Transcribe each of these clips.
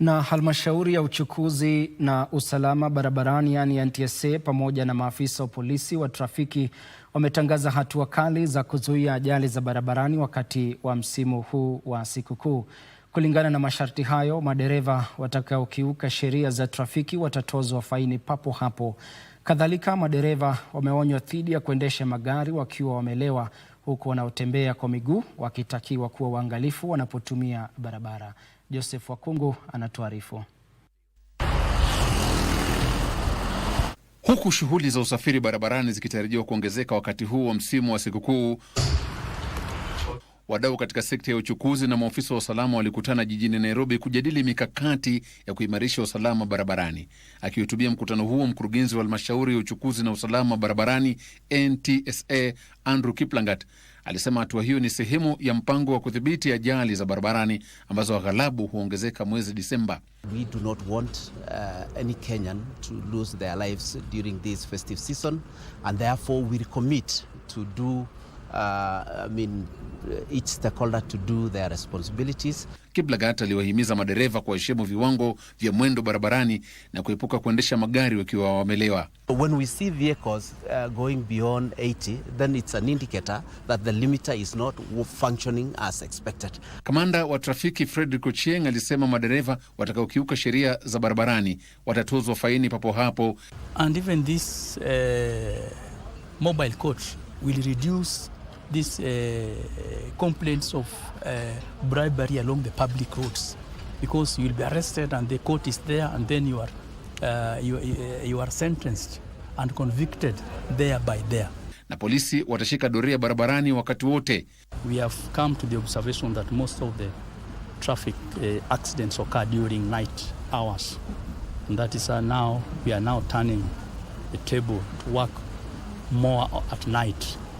Na halmashauri ya uchukuzi na usalama barabarani yani NTSA pamoja na maafisa wa polisi wa trafiki wametangaza hatua kali za kuzuia ajali za barabarani wakati wa msimu huu wa sikukuu. Kulingana na masharti hayo, madereva watakaokiuka sheria za trafiki watatozwa faini papo hapo. Kadhalika, madereva wameonywa dhidi ya kuendesha magari wakiwa wamelewa huku wanaotembea kwa miguu wakitakiwa kuwa waangalifu wanapotumia barabara. Joseph Wakungu anatuarifu. Huku shughuli za usafiri barabarani zikitarajiwa kuongezeka wakati huu wa msimu wa sikukuu, Wadau katika sekta ya uchukuzi na maofisa wa usalama walikutana jijini Nairobi kujadili mikakati ya kuimarisha usalama barabarani. Akihutubia mkutano huo, mkurugenzi wa halmashauri ya uchukuzi na usalama barabarani NTSA Andrew Kiplangat alisema hatua hiyo ni sehemu ya mpango wa kudhibiti ajali za barabarani ambazo aghalabu huongezeka mwezi Disemba. We uh, I mean, uh, each stakeholder to do their responsibilities. Kiplagat aliwahimiza madereva kuwaheshimu viwango vya mwendo barabarani na kuepuka kuendesha magari wakiwa wamelewa. When we see vehicles uh, going beyond 80 then it's an indicator that the limiter is not functioning as expected. Kamanda wa trafiki Fredrick Ochieng alisema madereva watakaokiuka sheria za barabarani watatozwa faini papo hapo. And even this uh, mobile coach will reduce these uh, complaints of uh, bribery along the public roads because you'll be arrested and the court is there and then you are, uh, you, uh, you are sentenced and convicted there by there. Na polisi watashika doria barabarani wakati wote. We have come to the observation that most of the traffic uh, accidents occur during night hours. And that is uh, now, we are now turning the table to work more at night.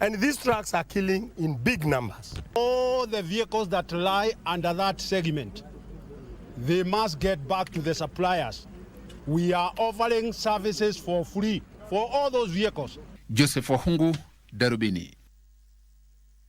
And these trucks are killing in big numbers. All the vehicles that lie under that segment, they must get back to the suppliers. We are offering services for free for all those vehicles. Joseph Ohungu, Darubini.